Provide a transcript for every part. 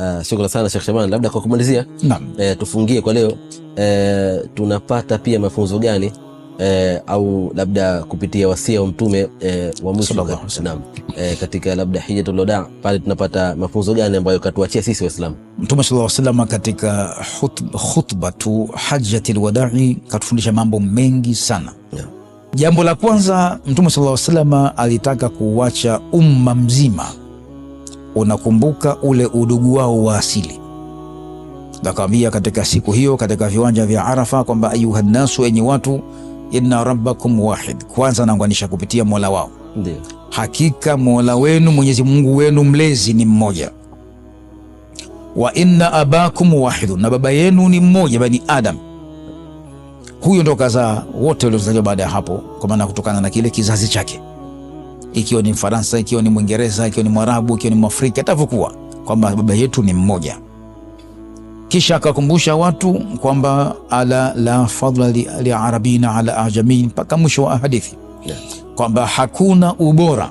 Uh, sana Sheikh Shaban, labda kwa kumalizia e, tufungie kwa leo e, tunapata pia mafunzo gani e, au labda kupitia wasia wa Mtume e, wa mwisho e, katika labda Hijjatul Wadaa pale tunapata mafunzo gani ambayo katuachia sisi Waislamu? Mtume sallallahu alaihi wasallam katika khutbatu Hajjatul Wadai katufundisha mambo mengi sana yeah. Jambo la kwanza Mtume sallallahu alaihi wasallam alitaka kuuacha umma mzima unakumbuka ule udugu wao wa asili. Nakwambia katika siku hiyo katika viwanja vya Arafa kwamba ayuhannasu, enyi watu, inna rabbakum wahid. Kwanza naunganisha kupitia mola wao, ndio hakika mola wenu Mwenyezi Mungu wenu mlezi ni mmoja. Wa inna abakum wahidu, na baba yenu ni mmoja, bani Adam. Huyo ndo kazaa wote waliozaliwa baada ya hapo, kwa maana kutokana na kile kizazi chake ikiwa ni Mfaransa, ikiwa ni Mwingereza, ikiwa ni Mwarabu, ikiwa ni Mwafrika, atavyokuwa kwamba baba yetu ni mmoja. Kisha akakumbusha watu kwamba ala la fadla liarabina ala ajamin, mpaka mwisho wa hadithi kwamba hakuna ubora,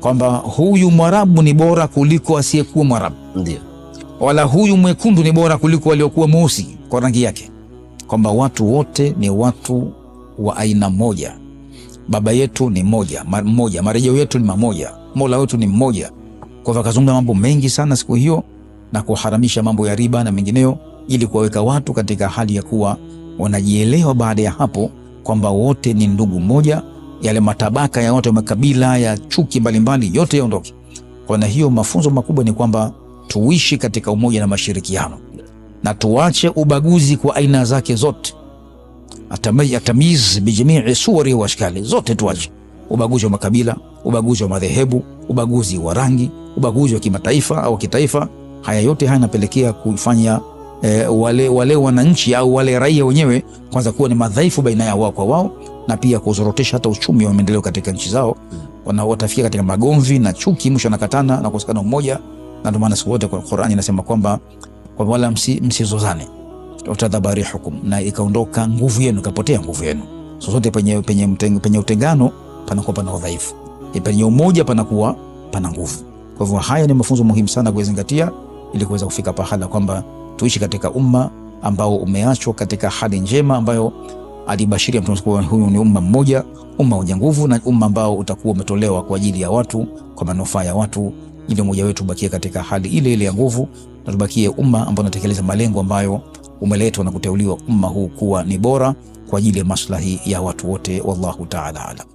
kwamba huyu Mwarabu ni bora kuliko asiyekuwa Mwarabu, ndio wala huyu mwekundu ni bora kuliko aliokuwa mweusi kwa rangi yake, kwamba watu wote ni watu wa aina moja. Baba yetu ni moja mmoja, marejeo yetu ni mamoja, mola wetu ni mmoja. Kwa hivyo akazungumza mambo mengi sana siku hiyo na kuharamisha mambo ya riba na mengineyo, ili kuwaweka watu katika hali ya kuwa wanajielewa baada ya hapo kwamba wote ni ndugu mmoja, yale matabaka ya watu wa makabila ya chuki mbalimbali mbali, yote yaondoke. Kwa hiyo mafunzo makubwa ni kwamba tuishi katika umoja na mashirikiano na tuache ubaguzi kwa aina zake zote atamiz bijamii suwari wa ashkali zote, tuache ubaguzi wa makabila, ubaguzi wa madhehebu, ubaguzi wa rangi, ubaguzi wa kimataifa au kitaifa. Haya yote haya yanapelekea kufanya e, wale, wale wananchi au wale raia wenyewe kwanza kuwa ni madhaifu baina yao wao kwa wao, na pia kuzorotesha hata uchumi wa maendeleo katika nchi zao, Wana watafikia katika magomvi na chuki, mwisho nakatana na kukosekana umoja. Na ndio maana siku zote kwa Qur'ani inasema kwamba kwa wala msizozane watadhabarihukum, na ikaondoka nguvu yenu, ikapotea nguvu yenu. Sosote penye, penye, mteng, penye utengano panakuwa pana udhaifu, e, penye umoja panakuwa pana nguvu. Kwa hivyo haya ni mafunzo muhimu sana kuyazingatia ili kuweza kufika pahala kwamba tuishi katika umma ambao umeachwa katika hali njema ambayo alibashiria Mtume kuwa huyu ni umma mmoja, umma wenye nguvu na umma ambao utakuwa umetolewa kwa ajili ya watu, kwa manufaa ya watu, ili umoja wetu ubakie katika hali ile ile ya nguvu na tubakie umma ambao unatekeleza malengo ambayo umeletwa na kuteuliwa umma huu kuwa ni bora kwa ajili ya maslahi ya watu wote, wallahu taala alam.